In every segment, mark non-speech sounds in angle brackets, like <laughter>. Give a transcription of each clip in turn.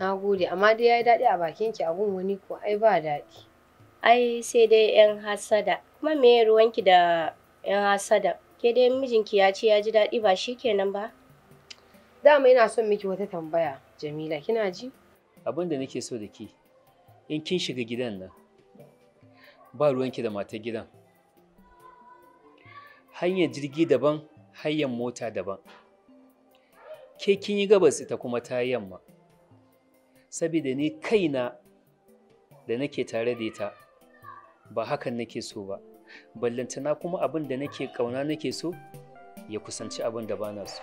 Na gode, amma dai ya yi daɗi a bakin ki a gun wani ko ai ba daɗi. Ai sai dai 'yan hasada, kuma me ruwanki da 'yan hasada? Ke dai mijinki ya ce ya ji daɗi ba shi kenan ba? Dama ina son miki wata tambaya, Jamila, kina ji? Abin da nake so da ke, in kin shiga gidan nan, ba ruwanki da matar gidan. Hanyar jirgi daban, hanyar mota daban. Ke kin yi gabas ita kuma ta yamma. saboda ni kaina da nake tare da ita ba hakan nake so ba ballantana kuma abin da nake kauna nake so ya kusanci abin da bana so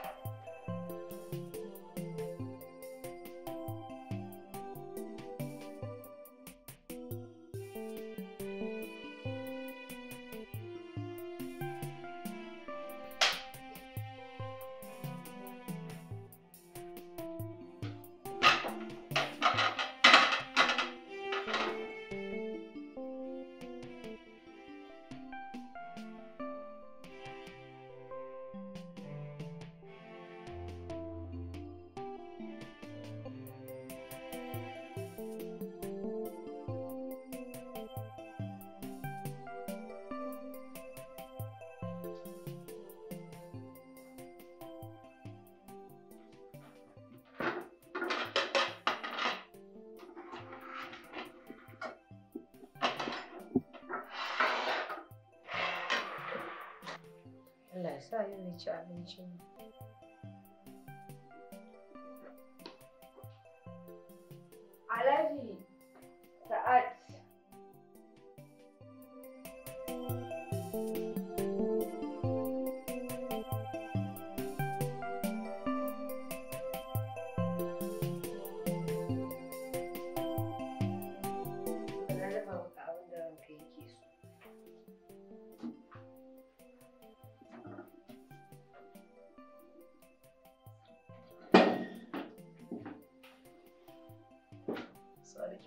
sa yin da ci abinci ne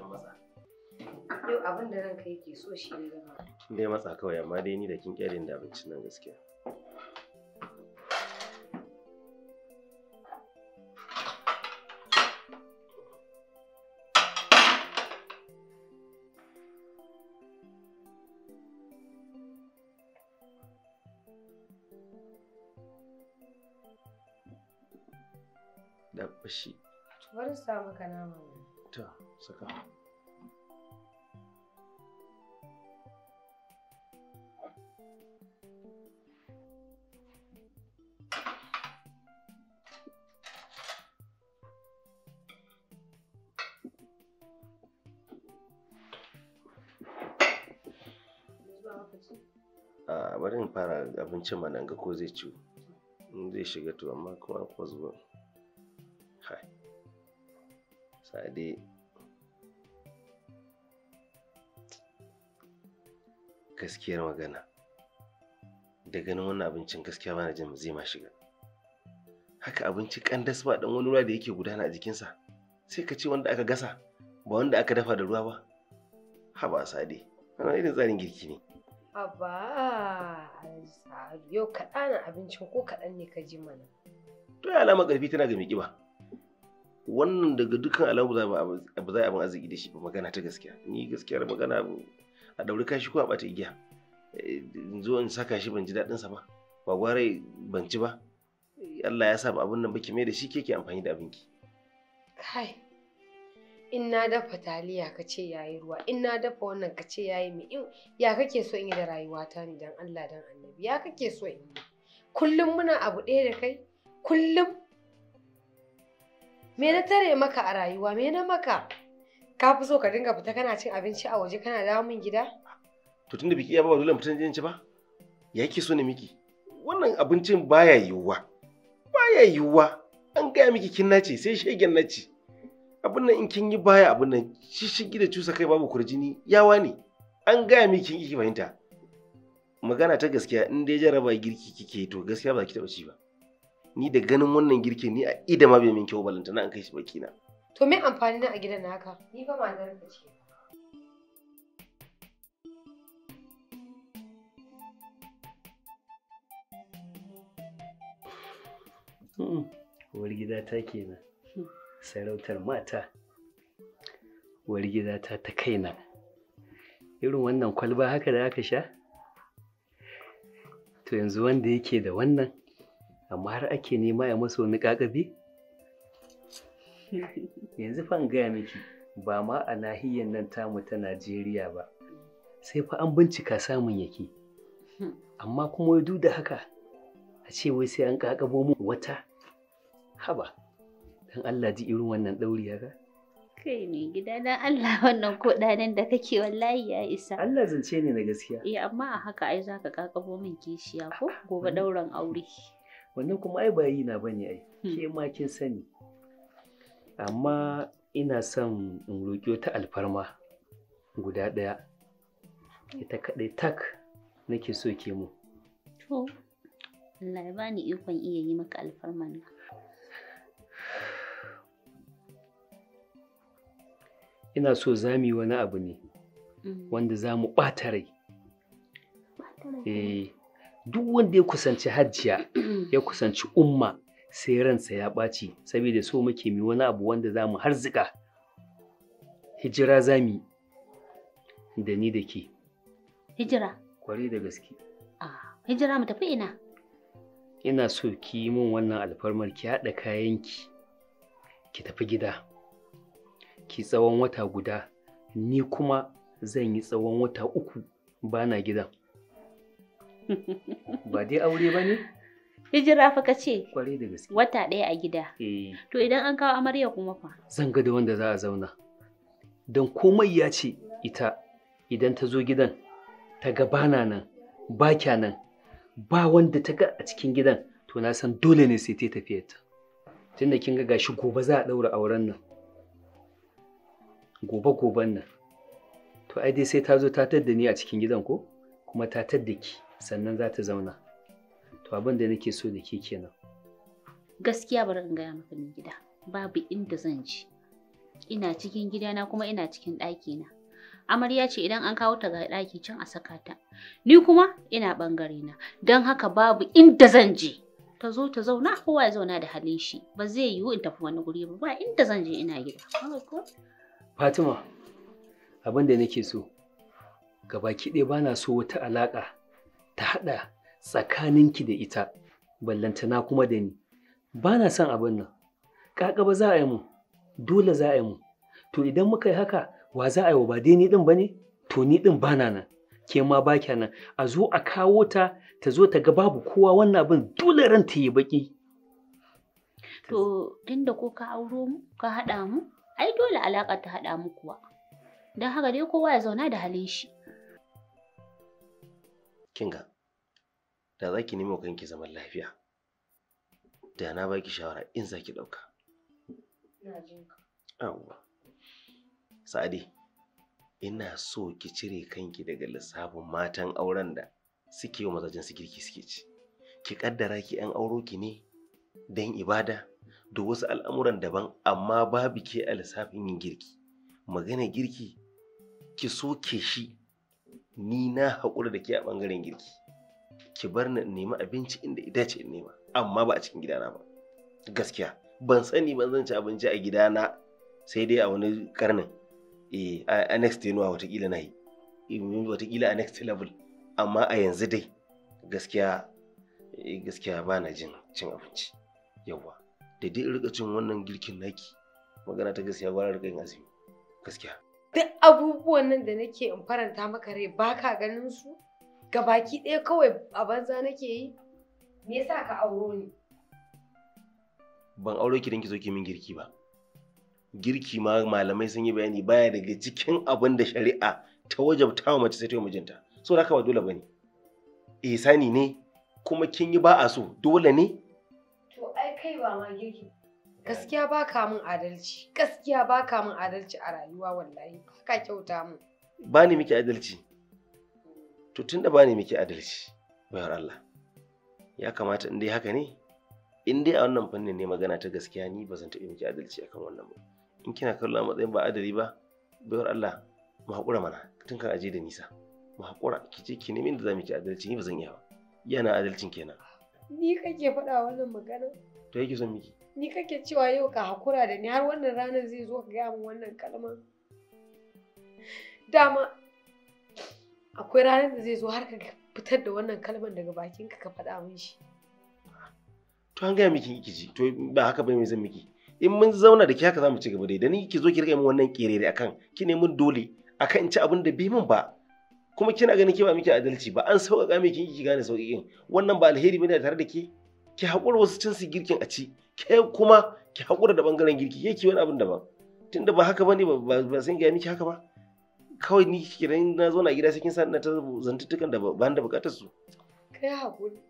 kin matsa. Yau abin da ranka yake so shi ne gaba. Dai matsa kawai amma dai ni da kin kyalin da abincin nan gaskiya. Da fashi. Wani samu ka nama Aa bari in fara abincin mana ga ko zai ciwo, in zai shiga to amma kuma ko zuwa hai sai dai gaskiyar magana da ganin wannan abincin gaskiya bana jin zai ma shiga haka abinci kandas ba dan wani ruwa da yake gudana a jikinsa sai ka ce wanda aka gasa ba wanda aka dafa da ruwa ba haba sade ana irin tsarin girki ne Aba, yau kaɗan abincin ko kaɗan ne ka ji mana. To ya alama ƙarfi tana ga mai ƙiba. Wannan daga dukkan alamu ba za a abin arziki da shi ba magana ta gaskiya. Ni gaskiyar magana a ɗauri kashi ko a ɓata igiya eh, in zo in saka shi ban ji sa ba ba gwarai ban ci ba Allah ya sa ba abin nan ba ki mai da shi keke amfani da abinki kai in na dafa taliya ka ce yayi ruwa in na dafa wannan ka ce yayi mai in ya kake so in yi da rayuwata ne dan Allah dan Annabi ya kake so in yi kullum muna abu ɗaya da kai kullum me na tare maka a rayuwa me na maka Ka fi so ka dinga fita kana cin abinci a waje kana dawo min gida? To tunda biki ya ba dole mutum jin ci ba. Ya yake so ne miki? Wannan abincin baya yiwuwa. Baya yiwuwa. An gaya miki kin nace sai shegen nace. Abin nan in kin yi baya abin nan shishigi da cusa kai babu kurjini yawa ne. An gaya miki kin ki fahimta. Magana ta gaskiya in dai jaraba girki kike to gaskiya ba ki taɓa ci ba. Ni da ganin wannan girkin ni a ida ma bai min kyau balantana an kai shi baki na. To me amfani na a gidan naka? Ni fa matar ka ce. Hmm. gida ta kenan. Sarautar mata. Wari gida ta ta kaina. Irin wannan kwalba haka da aka sha? To yanzu wanda yake da wannan, amma har ake nema ya maso wani ƙaƙabi? <laughs> yanzu fa gaya miki ba ma a nahiyan nan tamu ta Najeriya ba sai fa an bincika samun yake amma kuma duk da haka a ce wai sai an kakabo mu wata haba dan Allah ji irin wannan ɗauri haka kai ne gida dan Allah <laughs> wannan kuɗaɗen da kake wallahi ya isa Allah zance ne na gaskiya eh amma a haka ai zaka kakabo min kishiya ko gobe ɗaurin aure <laughs> wannan kuma ai ba yi na bane ai hmm. ke ma kin sani amma ina son in roƙi wata alfarma guda ɗaya ita kaɗai tak nake so ke mu to Allah ya bani ikon iya yi maka alfarma ne ina so za mu yi wani abu ne mm. wanda za mu ɓata rai eh, duk wanda ya kusanci hajjiya ya kusanci umma sai ransa ya ɓaci saboda so muke mi wani abu wanda za mu harzika hijira za mu da ni da ke hijira Kwari da gaske hijira mu tafi ina ina so ki yi min wannan alfarmar ki haɗa kayanki ki tafi gida ki tsawon wata guda ni kuma zan yi tsawon wata uku bana gidan <laughs> ba dai aure ba ne Hijira fa ka ce? Wata ɗaya a gida. Eh. To idan an kawo amarya kuma fa? Zan ga da wanda za a zauna. Don komai ya ce ita idan ta zo gidan ta ga bana nan ba kya nan ba wanda ta ga a cikin gidan to na san dole ne sai ta tafiya ta. Tunda kin ga gashi gobe za a ɗaura auren nan. Gobe goben nan. To ai dai sai ta zo ta tadda ni a cikin gidan ko? Kuma ta tadda ki sannan za ta zauna. to abin da nake so da ke kenan gaskiya bari in gaya maka mai gida babu inda zan ji ina cikin gidana kuma ina cikin ɗaki na amarya ce idan an kawo ta ga ɗaki can a saka ta ni kuma ina ɓangare na don haka babu inda zan je ta zo ta zauna kowa ya zauna da halin shi ba zai yiwu in tafi wani guri ba ba inda zan je ina gida fatima abin da nake so gabaki ɗaya ba na so wata alaƙa ta haɗa tsakaninki da ita ballantana kuma da ni ba na son abin nan ba za a yi mu dole za a yi mu to idan muka yi haka wa za a yi wa ba dai ni ɗin ba ne to ni ɗin ba na nan ke ma ba nan a zo a kawo ta ta zo ta ga babu kowa wannan abin dole ran ta yi baki to tunda ko ka auro mu ka haɗa mu ai dole alaƙa ta haɗa mu kuwa don haka dai kowa ya zauna da halin shi kinga da za ki nemo kanki zaman lafiya da na ba ki shawara in za ki ɗauka. Yawwa. Sa'adi, ina so ki cire kanki daga lissafin matan auren da suke wa mazajen su girki suke ci. Ki kaddara ki ‘yan auro ki ne don ibada da wasu al'amuran daban amma babu ke a lissafin yin girki. Magana girki ki soke shi ni na haƙura da ke a ɓangaren girki. ki bar na in nemi abinci inda ita ce in nema amma ba a cikin gidana ba gaskiya ban sani ban zan ci abinci a gidana sai dai a wani karnin eh a next tenuwa watakila na yi eh, watakila a next level amma a yanzu dai gaskiya eh, gaskiya ba na jin cin abinci yawa da dai rika cin wannan girkin naki magana ta gaskiya ba rika yin azumi gaskiya duk abubuwan nan da nake in faranta maka rai baka ganin su Ga baki ɗaya kawai a banza nake yi? Me yasa ka auro ni? Ban auro ki dan ki zo ki min girki ba. Girki ma malamai sun yi bayani baya daga cikin abin da shari'a ta wajabta wa mace sai ta yi mijinta. So da ba dole bane. Ihsani eh, ne kuma kin yi ba a so dole ne? To ai kai ba ma girki gaskiya ba ka min adalci gaskiya ba ka min adalci a rayuwa wallahi ka kyauta mu ba ni miki adalci to tun da ba ne miki adalci bayar Allah ya kamata in dai haka ne in dai a wannan fannin ne magana ta gaskiya ni ba zan taɓa miki adalci akan wannan ba in kina kallo a matsayin ba adali ba bayar Allah mu haƙura mana tun kan aje da nisa mu haƙura ki je ki nemi da za mu ki adalci ni ba zan iya ba yana adalcin kenan ni kake faɗa wannan magana to yake son miki ni kake cewa yau ka haƙura da ni har wannan ranar zai zo ka gaya min wannan kalmar dama akwai ranar da zai zo har ka fitar da wannan kalmar daga bakin ka faɗa min shi to an gaya miki kiji to ba haka ba mai zan miki in mun zauna da ki haka zamu ci gaba dai da ni ki zo ki rika min wannan kerere kan ki ne mun dole akan in ci abin da bai min ba kuma kina ganin ki ba miki adalci ba an sauƙaƙa miki ki gane sauƙin wannan ba alheri bane tare da ke ki haƙura wasu cin su girkin a ci ke kuma ki haƙura da bangaren girki ke ki wani abin daban tunda ba haka bane ba ba san ga miki haka ba kawai ni kiran na zo na gida sai kin san ta zantuttukan da ba da bukatar su kai hakuri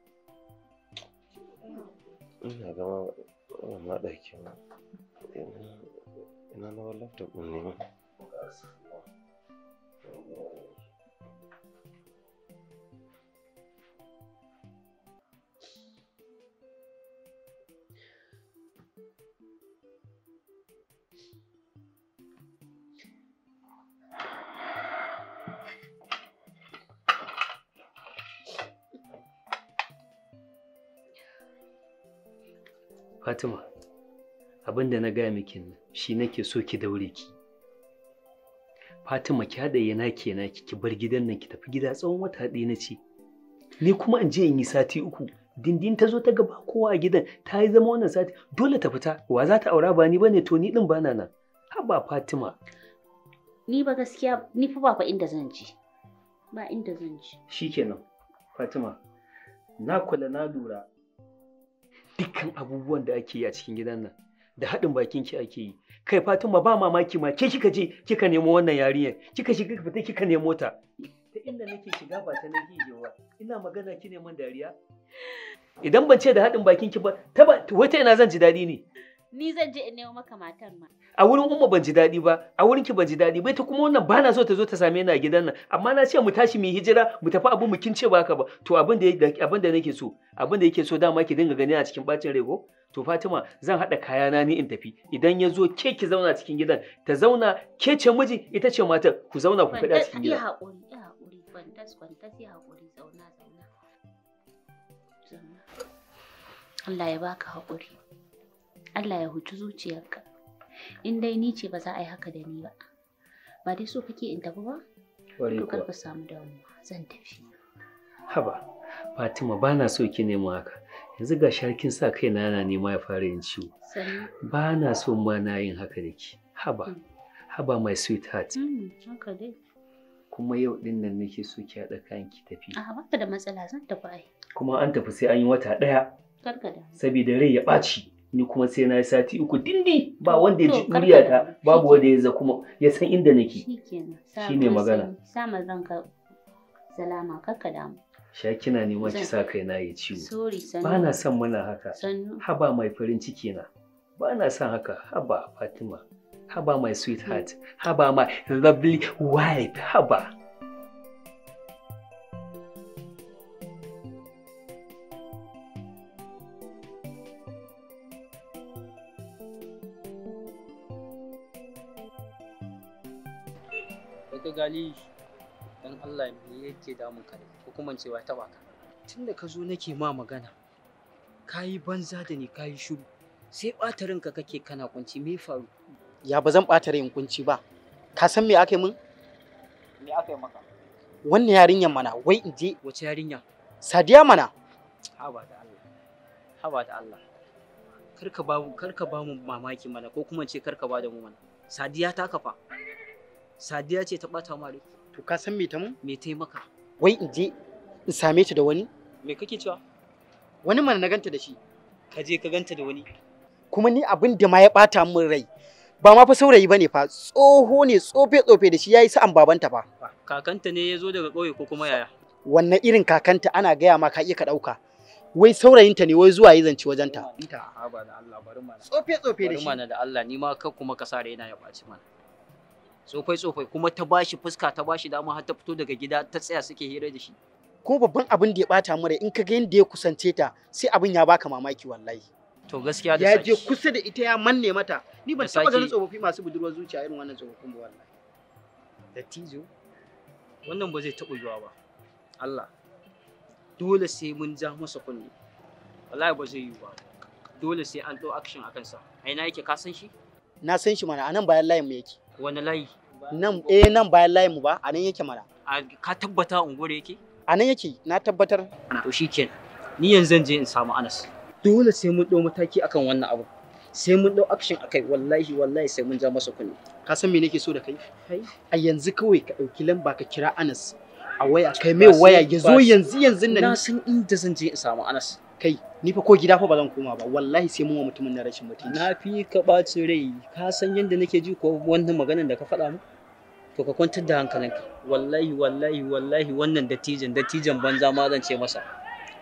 ina ga ma ma daki ma ina na laptop ne ma Fatima, abin da na gaya miki shi nake so ki daure ki. Fatima ki haɗa yana yana ki ki bar gidan nan ki tafi gida tsawon wata ɗaya na ce. Ni kuma in je in yi sati uku. Dindin ta zo ta gaba kowa a gidan ta yi zama wannan sati dole ta fita wa za ta aura ba ni bane to ni din bana nan. Haba Fatima. Ni ba gaskiya ni fa ba fa inda zan je. Ba inda zan je. Shikenan Fatima na kula na lura dukkan abubuwan da ake yi a cikin gidan nan da haɗin bakin ki ake yi kai fatima ba mamaki ma ke kika je kika nemo wannan yarinyar kika shiga kika fita kika nemo ta ta inda nake shiga ba ta nake yiwa ina magana ki neman dariya idan ban ce da haɗin bakin ki ba ta wata ina zan ji daɗi ne ni zan je in nemo maka matar ma. A wurin umma ban ji daɗi ba, a wurin ki ban ji daɗi ba, ita kuma wannan ba na so ta zo ta same ni a gidan nan, amma na ce mu tashi mu yi hijira, mu tafi abin mu kin ce ba haka ba. To abin da abin da nake so, abin da yake so dama ki dinga gani a cikin bacin rego. To Fatima zan haɗa kayana ni in tafi idan ya zo ke ki zauna cikin gidan ta zauna ke ce miji ita ce matar ku zauna ku faɗa cikin gidan. Allah ya baka haƙuri. Allah ya huci zuciyarka in dai ni ce ba za a yi haka da ni ba ba dai so kake in tafi ba to kar ka samu damuwa zan tafi haba Fatima ba na so ki nemo haka yanzu ga sharkin sa kai na yana nema ya fara yin ciwo ba na so ma na yin haka da ki haba hmm. haba my sweetheart hmm, haka dai kuma yau din nan nake so ki haɗa kayan ki tafi a ba da matsala zan tafi ai kuma an tafi sai an yi wata ɗaya saboda rai ya ɓaci ni kuma sai na sati uku dindi ba wanda ya ji ta, babu wanda ya za kuma ya san inda nake ne magana sama zan ka salama shakina ne wacce sa kai na yi ciwo ba na son muna haka haba mai farin ciki na ba na son haka haba fatima haba mai sweetheart hmm. haba mai lovely wife haba take damun ka ko kuma ce ta baka tunda ka zo nake ma magana kayi banza da ni kayi shiru sai ɓata ka kake kana kunci me faru ya ba zan ɓata ran kunci ba ka san me aka yi min me aka yi maka wannan yarinyar mana wai in je wace yarinya sadiya mana haba da Allah haba da Allah karka ba karka ba mu mamaki mana ko kuma ce karka ba da mu mana sadiya ta kafa sadiya ce ta bata mare to ka san me ta mu me maka? wai in je in same ta da wani me kake cewa wani mana na ganta da shi ka je ka ganta da wani kuma ni abin da ma ya bata min rai ba ma fa saurayi bane fa tsoho ne tsofe tsofe da shi yayi sa'an babanta fa kakanta ne ya zo daga ƙauye ko kuma yaya wannan irin kakanta ana gaya ma ka iya ka ɗauka wai saurayinta ne wai zuwa yi zance wajenta tsofe tsofe da shi da Allah ni ma ka kuma ka sare yana ya ɓaci mana tsofai tsofai kuma ta bashi fuska ta bashi dama har ta fito daga gida ta tsaya suke hira da shi ko babban abin da ya bata mura in ka ga yadda ya kusance ta sai abin ya baka mamaki wallahi to gaskiya da ya je kusa da ita ya manne mata ni ban taba ganin tsofaffi masu budurwar zuciya irin wannan tsofaffin ba wallahi da tijo wannan ba zai taɓa yiwa ba Allah dole sai mun ja masa kunni wallahi ba zai yi ba dole sai an ɗau action akan sa A ina yake ka san shi na san shi mana anan bayan layin mu yake Wani layi? Nan eh nan bayan layin mu ba, a nan yake mara. Ka tabbata ungure yake? A nan yake, na tabbatar. To shikenan. Ni yanzu zan je in samu Anas. Dole sai mun ɗau mataki akan wannan abu. Sai mun ɗau action akai wallahi wallahi sai mun ja masa kunni. Ka san me nake so da kai? A yanzu kawai ka ɗauki lamba ka kira Anas a waya kai mai waya ya zo yanzu yanzu nan. Na san inda zan je in samu Anas. Kai ni fa ko gida fa ba zan koma ba wallahi sai mun wa mutumin na rashin mutunci na fi ka ɓaci rai ka san yadda nake ji ko wannan maganar da ka faɗa mu to ka kwantar da hankalinka wallahi wallahi wallahi wannan dattijan dattijan banza ma zan ce masa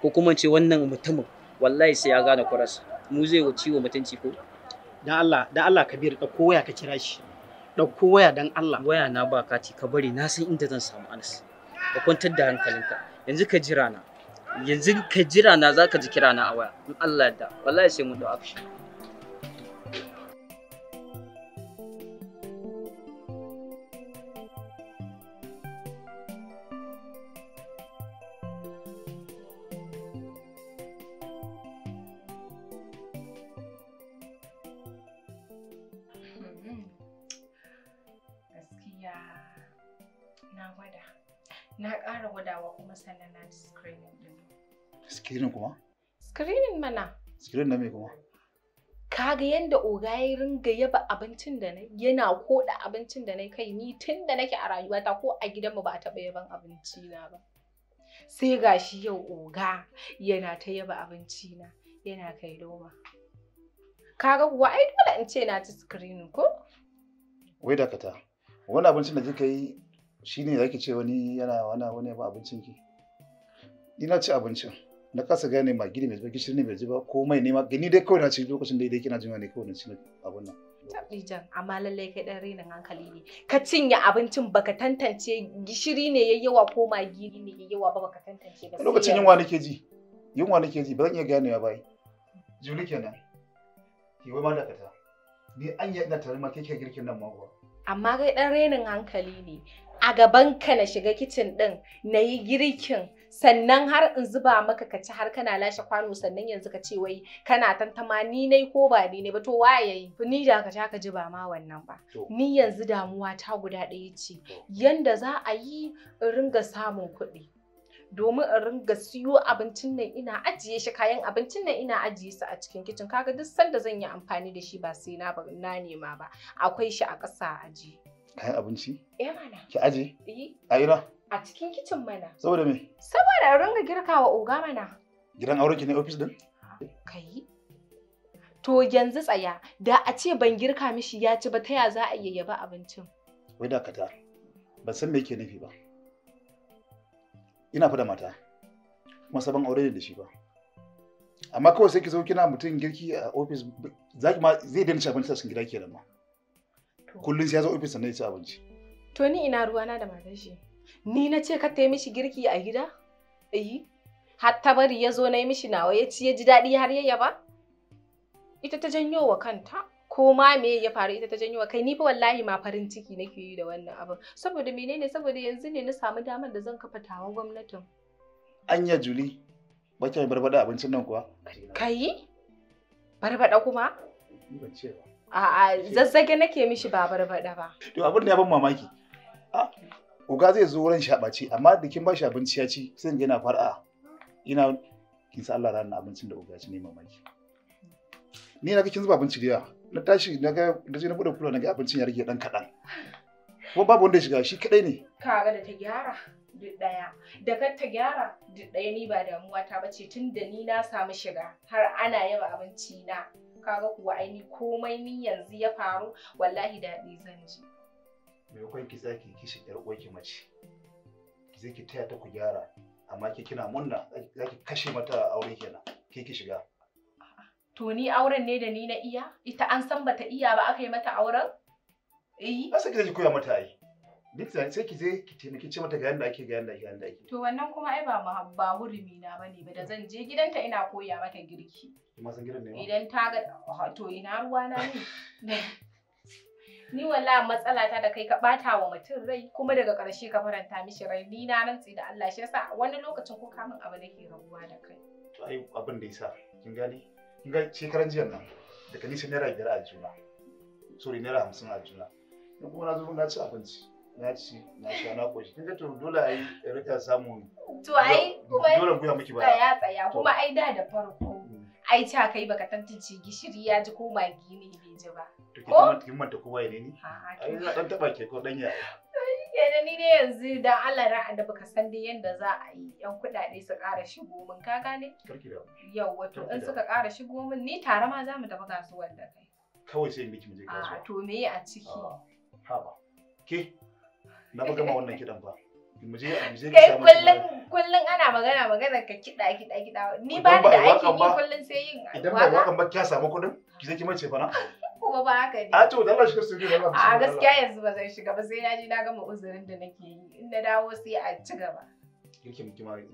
ko kuma ce wannan mutumin wallahi sai ya gane kuras mu zai wuce wa mutunci ko dan Allah dan Allah Kabir ɗauko waya ka kira shi ɗauko waya dan Allah waya na ba kati ka bari na san inda zan samu Anas ka kwantar da hankalinka yanzu ka jira na yanzu ka jira na zaka ji kira na a waya in Allah ya yarda wallahi sai mun dau action Screening kuma? Screening mana. Screening na me kuma? Kaga yanda oga ya ringa yaba abincin da na yana koda abincin da na kai ni tun da nake a rayuwata ko a gidanmu ba a taɓa yaban abinci na ba. Sai gashi yau oga yana ta yaba abinci na yana kai loma. Kaga kuwa ai dole in ce na ci screening ko? Wai dakata, wani abincin da kika yi shine zaki ce wani yana wani wani abincin ki? Ina ci abincin. na kasa gane ma gini bai gishiri ne bai ji ba ko mai ne ma gani dai kawai na cikin lokacin da idai kina jin ne kawai na cikin abun nan jan amma lallai kai ɗan renin hankali ne. Ka cinye abincin baka tantance gishiri ne ya yawa ko magi ne ya yawa ba baka tantance ba. Lokacin yunwa nake ji, yunwa nake ji ba zan iya gane ba. Juli kenan, ki wai ma ta Ni an yi ina tare ma kike girkin nan mawa. Amma kai ɗan renin hankali ne. A gaban ka na shiga kicin din na yi girkin sannan har in zuba maka ka ci har kana lashe kwano sannan yanzu ka ce wai kana tantama ni nai ko ba ni ne ba to waye yi ni da ka ka ji ba ma wannan ba ni yanzu damuwa ta guda ɗaya ce yanda za a yi in ringa samun kuɗi domin in ringa siyo abincin nan ina ajiye shi kayan abincin nan ina ajiye su a cikin kicin kaga duk sanda zan yi amfani da shi ba sai na na nema ba akwai shi a ƙasa aji kayan abinci eh mana ki aje eh. a ina A cikin kicin mana. Saboda me? Saboda ringa girka wa oga mana. Gidan auren ki ne ofis din? Kai. To yanzu tsaya, da a ce ban girka mishi ya ci ba ta ya za a yayyaba yaba abincin. Wai da kata, ban san me yake nufi ba. Ina fa da mata, kuma sabon aure ne da shi ba. Amma kawai sai ki zo kina mutum girki a ofis zaki ma zai daina ci abinci a gida gida kenan ma. Kullum sai ya zo ofis sannan ya ci abinci. To ni ina ruwana da matashi. shi. Ni na ce ka mishi girki a gida? har hatta bari ya zo na yi mishi nawa ya ci ya ji daɗi har ya yaba? Ita ta janyo wa kanta, ko ma me ya faru ita ta janyo wa kai ni fa wallahi ma farin ciki nake yi da wannan abin. Saboda menene saboda yanzu ne na samu damar da zan kafa tawa gwamnatin. Anya Juli, baki mai barbada abincin nan kuwa? Kai? Barbada kuma? A'a, zazzage nake mishi ba barbada ba. To abin da ya ban mamaki. Ah, oga zai zo wurin shaɓace amma da kin ba shi abinci ya ci sai yana fara ah, ina kin sa Allah ranar abincin da oga ya ci ne mamaki ni na ga kin zuba abinci da na tashi na ga da na bude kula na ga abincin ya rage dan kaɗan kuma babu wanda ya shiga shi kadai ne kaga da ta gyara duk daya da kar ta gyara duk daya ni ba damuwa ta bace tun da ni na samu shiga har ana yawa abinci na kaga kuwa aini komai ni yanzu ya faru wallahi daɗi zan ji maimakon ki za ki kishi yar ki mace ki je ki taya ta ku gyara amma ke kina munna za ki kashe mata aure kenan ke ki shiga to ni auren ne da ni na iya ita an san bata iya ba aka yi mata auren eh asa ki je koya mata ai duk zan sai ki je ki taimaki ce mata ga yanda ake ga yanda ake yanda ake to wannan kuma ai ba ba hurumi na bane ba da zan je gidanta ina koya mata girki kuma san gidan ne idan ta ga to ina ruwa na ne <laughs> Ni wala matsala ta da kai ka bata wa mutum rai kuma daga ƙarshe ka faranta mishi rai ni na rantsi da Allah shi yasa wani lokacin ko kamun abu nake rabuwa da kai. To ai abin da yasa kin gani kin ga shekaran jiya nan daga nisa naira biyar a juna. Sorry naira hamsin a juna. Ni kuma na zo na ci abinci. Na ci na sha na koshi. Kin ga to dole ai rika samu. To ai kuma dole ya miki ba. Tsaya tsaya kuma ai da da farko. ai ca kai baka tantance gishiri ya ji ko magi ne bai ji ba. Ko? Kin manta kowa ne ni? Ai na dan taba ke ko dan yaya. Kenan ni ne yanzu da Allah ran da baka san dai yanda za a yi yan kuɗaɗe su ƙara shigo min ka gane? Karki da. Yawwa to in suka ƙara shigo min ni tare ma za mu tafi kasuwar da kai. Kawai sai miki mu je kasuwa. To me a ciki? Ha ba. Ke? Na buga ma wannan kidan ba. kai kullum kullum ana magana magana ka kiɗa kiɗa ni ba da aiki ni kullum sai yin idan ba wakan ba kya samu kuɗin ki zai kimace fa na kuma ba haka ne ah, a to dan a gaskiya yanzu ba zai shiga ba sai na ji na gama uzurin da nake yi in na dawo sai a ci gaba yake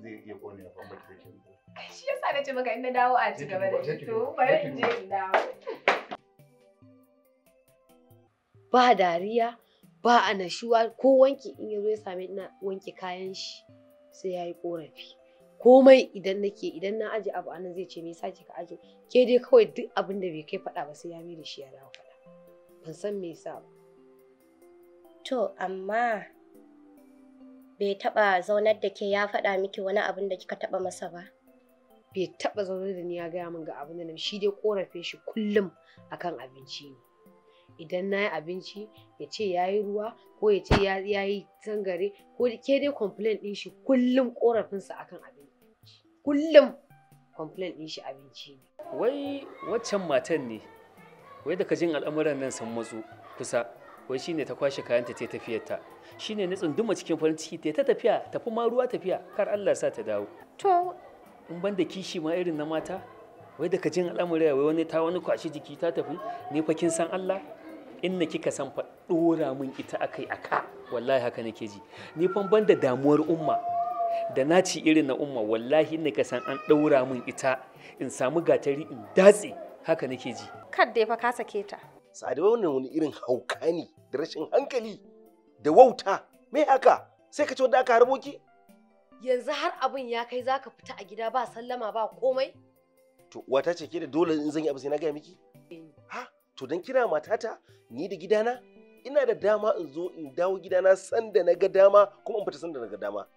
zai iya kone ya famba ki yake shi yasa nace maka in na dawo a ci gaba da to bari in je in dawo ba dariya ba a nashuwa ko wanki in ya zo ya same ina wanke kayan shi sai ya yi korafi komai idan nake idan na aje abu anan zai ce me yasa kika aje ke dai kawai duk abin da bai kai faɗa ba sai ya mai da shi ya dawo faɗa ban san me yasa ba to amma bai taɓa zaunar da ke ya faɗa miki wani abin da kika taɓa masa ba bai taɓa zaunar da ni ya gaya min ga abin da shi dai korafin shi kullum akan abinci ne idan nayi abinci ya ce ya yi ruwa ko ya ce ya yi ko ke dai complain ɗin shi kullum sa akan abinci kullum complain ɗin shi abinci ne. wai waccan matan ne wai daga jin al'amuran nan sun matsu kusa wai shine ta kwashe kayanta ta tafiyarta shine na tsunduma cikin farin ciki ta tafiya tafi ma ruwa tafiya kar Allah sa ta dawo to in ban kishi ma irin na mata wai daga jin al'amuran wai wani ta wani kwashi jiki ta tafi ne fa kin san Allah inda kika san fa dora min ita akai aka wallahi haka nake ji ni fa ban da damuwar umma da naci irin na umma wallahi inda ka san an daura min ita in samu gatari in datse haka nake ji Kar dai fa ka sake ta sa'adu wannan wani irin hauka ne da rashin hankali da wauta me haka sai ka ci wanda aka harbo ki yanzu har abin ya kai zaka fita a gida ba sallama ba komai to wata ce ke da dole in zan yi abu sai na gaya miki eh. ha to don kira matata ni da gidana ina da dama in zo in dawo gidana sanda na ga dama kuma in fita sanda na ga dama